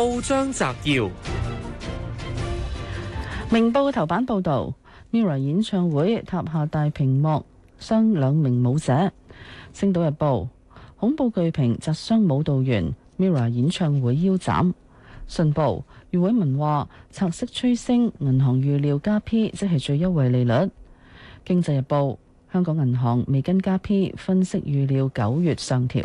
報章摘要：明報頭版報道，Mirror 演唱會塔下大屏幕傷兩名舞者。星島日報，恐怖巨屏砸傷舞蹈員。Mirror 演唱會腰斬。信報，余偉文話：拆息趨升，銀行預料加 P 即係最優惠利率。經濟日報，香港銀行未跟加 P，分析預料九月上調。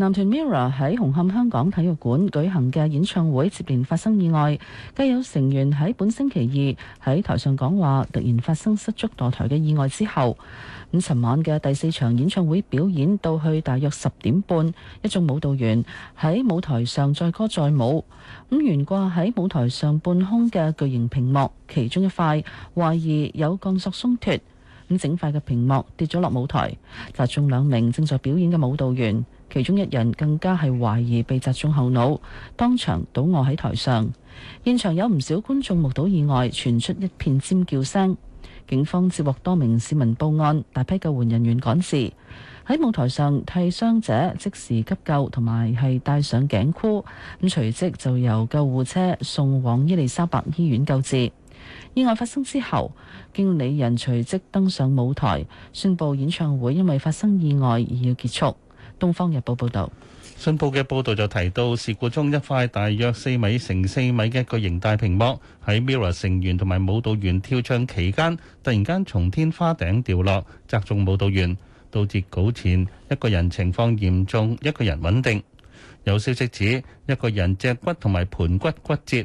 男團 MIRROR 喺紅磡香港體育館舉行嘅演唱會接連發生意外，繼有成員喺本星期二喺台上講話，突然發生失足墮台嘅意外之後，咁尋晚嘅第四場演唱會表演到去大約十點半，一眾舞蹈員喺舞台上載歌載舞，咁懸掛喺舞台上半空嘅巨型屏幕，其中一塊懷疑有鋼索鬆脫，咁整塊嘅屏幕跌咗落舞台，砸中兩名正在表演嘅舞蹈員。其中一人更加係懷疑被砸中後腦，當場倒卧喺台上。現場有唔少觀眾目睹意外，傳出一片尖叫聲。警方接獲多名市民報案，大批救援人員趕至。喺舞台上替傷者即時急救，同埋係戴上頸箍，咁隨即就由救護車送往伊利沙伯醫院救治。意外發生之後，經理人隨即登上舞台，宣布演唱會因為發生意外而要結束。《東方日報》報道，信報嘅報導就提到，事故中一塊大約四米乘四米嘅巨型大屏幕喺 Mirror 成員同埋舞蹈員跳唱期間，突然間從天花頂掉落，砸中舞蹈員，到截稿前，一個人情況嚴重，一個人穩定。有消息指，一個人脊骨同埋盆骨骨折。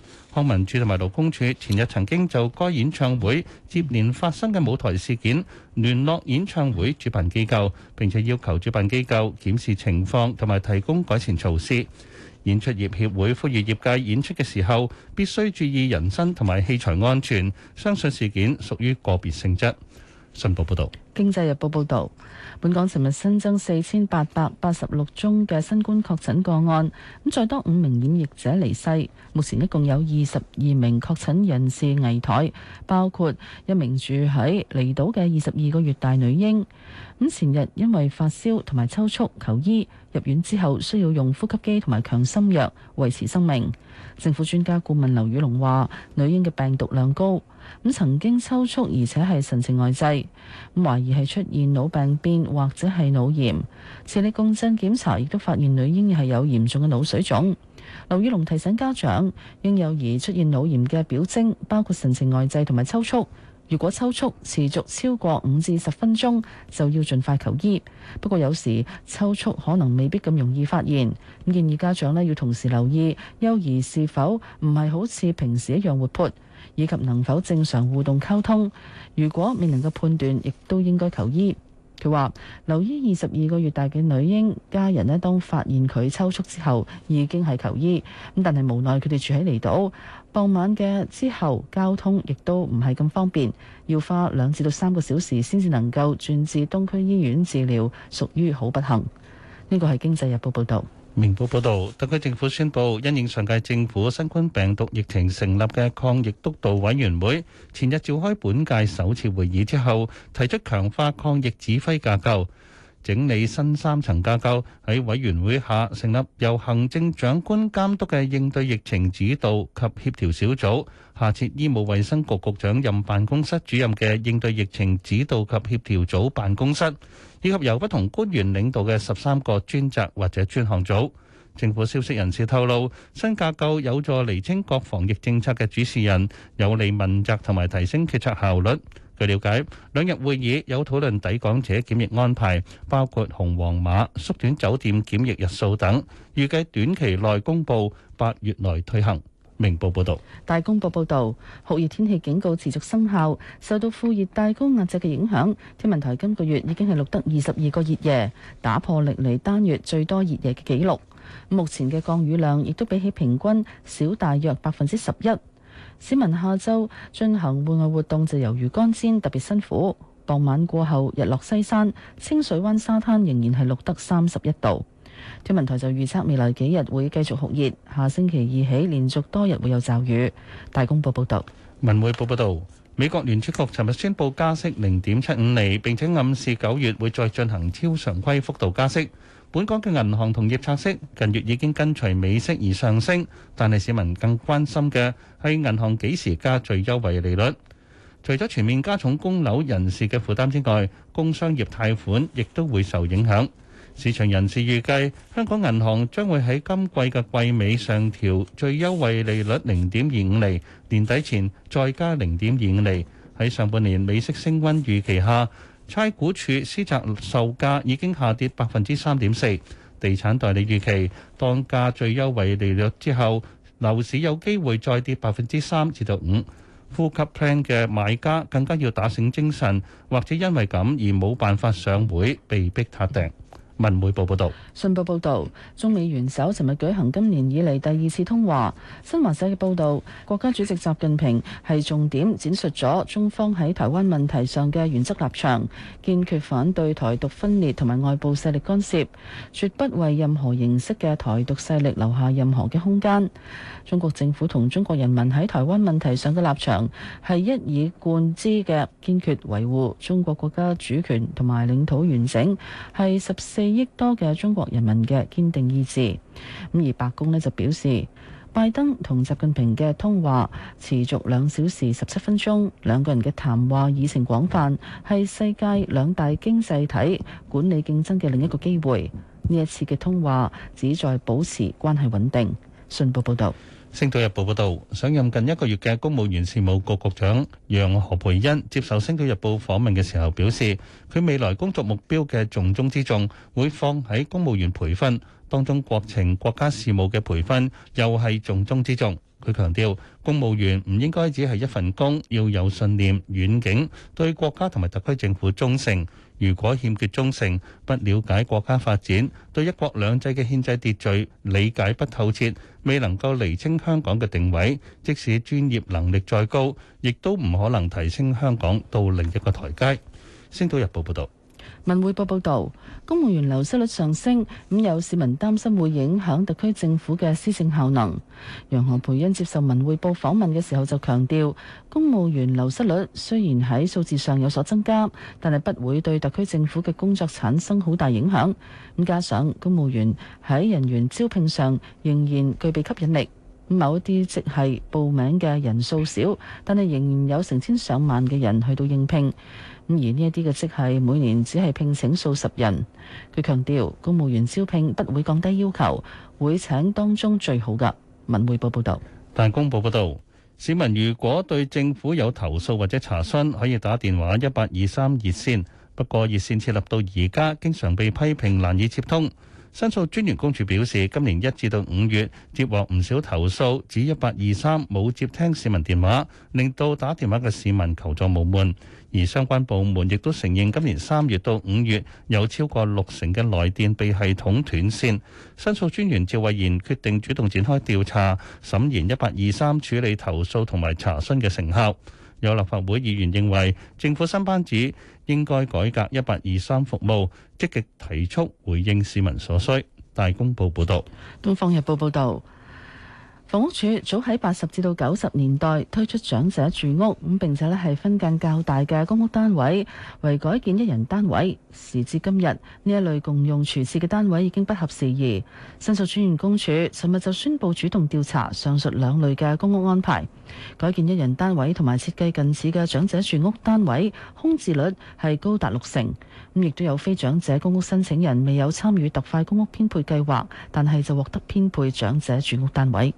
康文署同埋勞工處前日曾經就該演唱會接連發生嘅舞台事件，聯絡演唱會主辦機構，並且要求主辦機構檢視情況同埋提供改善措施。演出業協會呼籲業界演出嘅時候，必須注意人身同埋器材安全，相信事件屬於個別性質。新報報道，經濟日報報道，本港昨日新增四千八百八十六宗嘅新冠確診個案，咁再多五名染疫者離世，目前一共有二十二名確診人士危殆，包括一名住喺離島嘅二十二個月大女嬰，咁前日因為發燒同埋抽搐求醫入院之後，需要用呼吸機同埋強心藥維持生命。政府專家顧問劉宇龍話：女嬰嘅病毒量高，咁曾經抽搐，而且係神情呆滯，咁懷疑係出現腦病變或者係腦炎。磁力共振檢查亦都發現女嬰係有嚴重嘅腦水腫。劉宇龍提醒家長，嬰幼兒出現腦炎嘅表徵包括神情呆滯同埋抽搐。如果抽搐持續超過五至十分鐘，就要盡快求醫。不過，有時抽搐可能未必咁容易發現，建議家長咧要同時留意，幼兒是否唔係好似平時一樣活潑，以及能否正常互動溝通。如果未能夠判斷，亦都應該求醫。佢話：留醫二十二個月大嘅女嬰家人咧，當發現佢抽搐之後，已經係求醫，咁但係無奈佢哋住喺離島，傍晚嘅之後交通亦都唔係咁方便，要花兩至到三個小時先至能夠轉至東區醫院治療，屬於好不幸。呢個係《經濟日報》報導。明報報道，特區政府宣布，因應上屆政府新冠病毒疫情成立嘅抗疫督導委員會，前日召開本屆首次會議之後，提出強化抗疫指揮架構。整理新三層架構，喺委員會下成立由行政長官監督嘅應對疫情指導及協調小組，下設醫務衛生局局長任辦公室主任嘅應對疫情指導及協調組辦公室，以及由不同官員領導嘅十三個專責或者專項組。政府消息人士透露，新架構有助釐清各防疫政策嘅主持人，有利問責同埋提升決策效率。據了解，兩日會議有討論抵港者檢疫安排，包括紅黃碼、縮短酒店檢疫日數等，預計短期內公布，八月內推行。明報報道，大公報報道，酷熱天氣警告持續生效，受到副熱帶高壓脊嘅影響，天文台今個月已經係錄得二十二個熱夜，打破歷嚟單月最多熱夜嘅紀錄。目前嘅降雨量亦都比起平均少大約百分之十一。市民下周進行戶外活動就猶如乾煎，特別辛苦。傍晚過後日落西山，清水灣沙灘仍然係錄得三十一度。天文台就預測未來幾日會繼續酷熱，下星期二起連續多日會有驟雨。大公報報道，文匯報報道，美國聯儲局尋日宣布加息零點七五厘，並且暗示九月會再進行超常規幅度加息。本港嘅銀行同業拆息近月已經跟隨美息而上升，但係市民更關心嘅係銀行幾時加最優惠利率。除咗全面加重供樓人士嘅負擔之外，工商業貸款亦都會受影響。市場人士預計香港銀行將會喺今季嘅季尾上調最優惠利率零點二五厘，年底前再加零點二五厘。喺上半年美息升溫預期下，差估處私宅售價已經下跌百分之三點四，地產代理預期當價最優惠利率之後樓市有機會再跌百分之三至到五，呼吸 plan 嘅買家更加要打醒精神，或者因為咁而冇辦法上會，被逼撻定。文匯報報道，信報報道，中美元首尋日舉行今年以嚟第二次通話。新華社嘅報道，國家主席習近平係重點展述咗中方喺台灣問題上嘅原則立場，堅決反對台獨分裂同埋外部勢力干涉，絕不為任何形式嘅台獨勢力留下任何嘅空間。中國政府同中國人民喺台灣問題上嘅立場係一以貫之嘅，堅決維護中國國家主權同埋領土完整，係十四。億多嘅中國人民嘅堅定意志，咁而白宮呢就表示，拜登同習近平嘅通話持續兩小時十七分鐘，兩個人嘅談話議程廣泛，係世界兩大經濟體管理競爭嘅另一個機會。呢一次嘅通話旨在保持關係穩定。信報報道。星島日報報道，上任近一個月嘅公務員事務局局長楊何培恩接受星島日報訪問嘅時候表示，佢未來工作目標嘅重中之重會放喺公務員培訓當中，國情、國家事務嘅培訓又係重中之重。佢強調，公務員唔應該只係一份工，要有信念、遠景，對國家同埋特區政府忠誠。如果欠缺忠誠，不了解國家發展，對一國兩制嘅憲制秩序理解不透徹，未能夠釐清香港嘅定位，即使專業能力再高，亦都唔可能提升香港到另一個台階。星島日報報導。文匯報報道，公務員流失率上升，咁有市民擔心會影響特區政府嘅施政效能。楊何蓓茵接受文匯報訪問嘅時候就強調，公務員流失率雖然喺數字上有所增加，但係不會對特區政府嘅工作產生好大影響。咁加上公務員喺人員招聘上仍然具備吸引力。某一啲職系報名嘅人數少，但係仍然有成千上萬嘅人去到應聘。咁而呢一啲嘅職系每年只係聘請數十人。佢強調公務員招聘，不會降低要求，會請當中最好噶。文匯報報道，但公布報，報道，市民如果對政府有投訴或者查詢，可以打電話一八二三熱線，不過熱線設立到而家，經常被批評難以接通。申訴專員公署表示，今年一至到五月接獲唔少投訴，指「一八二三」冇接聽市民電話，令到打電話嘅市民求助無門。而相關部門亦都承認，今年三月到五月有超過六成嘅來電被系統斷線。申訴專員趙慧賢決定主動展開調查，審研「一八二三」處理投訴同埋查詢嘅成效。有立法會議員認為，政府新班子，應該改革一八二三服務，積極提速回應市民所需。大公報報道，東方日報報道，房屋署早喺八十至到九十年代推出長者住屋，咁並且咧係分間較大嘅公屋單位，為改建一人單位。時至今日，呢一類共用廚廁嘅單位已經不合時宜。申訴專員公署尋日就宣布主動調查上述兩類嘅公屋安排。改建一人單位同埋設計近似嘅長者住屋單位，空置率係高達六成。咁亦都有非長者公屋申請人未有參與特快公屋編配計劃，但係就獲得編配長者住屋單位。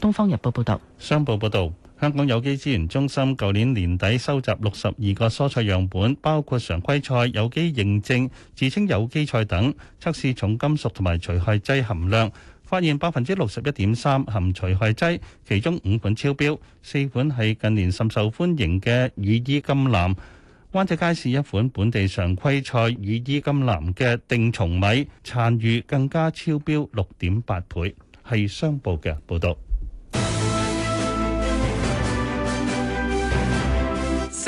《東方日報》報道。《商報》報道，香港有機資源中心舊年年底收集六十二個蔬菜樣本，包括常規菜、有機認證、自稱有機菜等，測試重金屬同埋除害劑含量。發現百分之六十一點三含除害劑，其中五款超標，四款係近年甚受歡迎嘅羽衣甘藍。灣仔街市一款本，本地常規菜羽衣甘藍嘅啶蟲脒殘餘更加超標六點八倍，係商報嘅報道。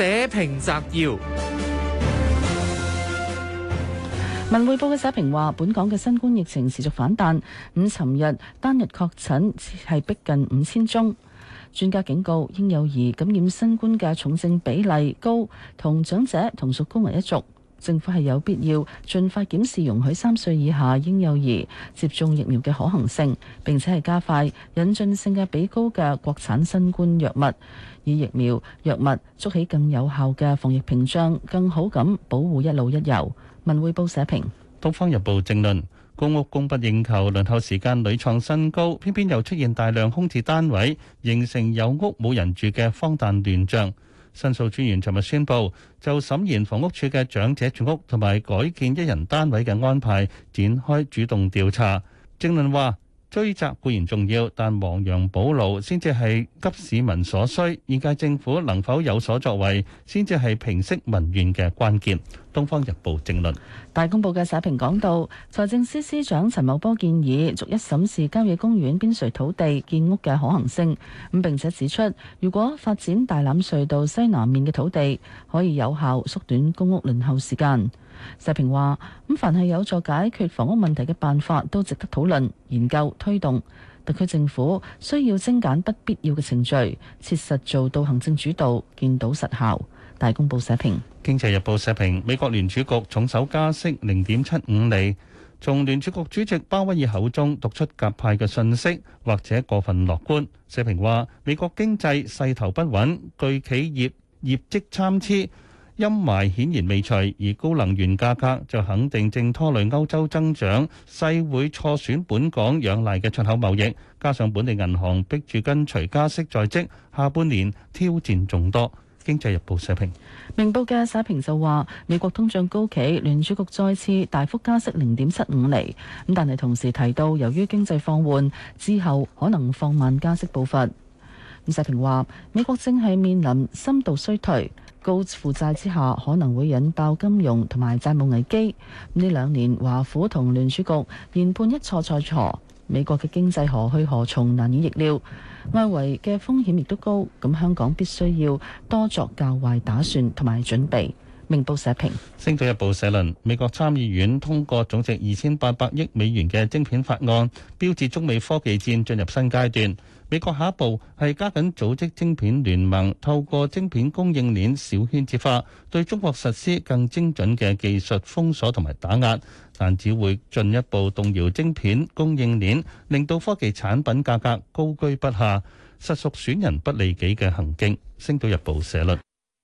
報章摘要。文匯報嘅社評話，本港嘅新冠疫情持續反彈，五尋日單日確診係逼近五千宗。專家警告，嬰幼兒感染新冠嘅重症比例高，同長者同屬高危一族。政府係有必要盡快檢視容許三歲以下嬰幼兒接種疫苗嘅可行性，並且係加快引進性價比高嘅國產新冠藥物，以疫苗藥物築起更有效嘅防疫屏障，更好咁保護一老一幼。文匯報社評：東方日報正論，公屋供不應求，輪候時間屢創新高，偏偏又出現大量空置單位，形成有屋冇人住嘅荒誕亂象。申訴專員尋日宣布，就審研房屋處嘅長者住屋同埋改建一人單位嘅安排，展開主動調查。正論話。追責固然重要，但亡羊補牢先至係急市民所需。現屆政府能否有所作為先至係平息民怨嘅關鍵。東方日報政論。大公報嘅社評講到，財政司司長陳茂波建議逐一審視郊野公園邊陲土地建屋嘅可行性，咁並且指出，如果發展大欖隧道西南面嘅土地，可以有效縮短公屋輪候時間。社評話：咁凡係有助解決房屋問題嘅辦法，都值得討論、研究、推動。特區政府需要精簡不必要嘅程序，切實做到行政主導，見到實效。大公報社評，經濟日報社評：美國聯儲局重手加息零點七五厘，從聯儲局主席鮑威爾口中讀出鴿派嘅信息，或者過分樂觀。社評話：美國經濟勢頭不穩，具企業業績參差。陰霾顯然未除，而高能源價格就肯定正拖累歐洲增長，勢會錯損本港仰賴嘅出口貿易。加上本地銀行逼住跟隨加息在即，下半年挑戰眾多。經濟日報社評，明報嘅社評就話：美國通脹高企，聯儲局再次大幅加息零點七五厘，咁但係同時提到，由於經濟放緩，之後可能放慢加息步伐。伍世平話：美國正係面臨深度衰退、高負債之下，可能會引爆金融同埋債務危機。咁呢兩年華府同聯儲局研判一錯再錯，美國嘅經濟何去何從難以逆料。外圍嘅風險亦都高，咁香港必須要多作較壞打算同埋準備。明報社評，《星島日報》社論：美國參議院通過總值二千八百億美元嘅晶片法案，標誌中美科技戰進入新階段。美國下一步係加緊組織晶片聯盟，透過晶片供應鏈小圈子化，對中國實施更精準嘅技術封鎖同埋打壓，但只會進一步動搖晶片供應鏈，令到科技產品價格高居不下，實屬損人不利己嘅行徑。《星島日報》社論。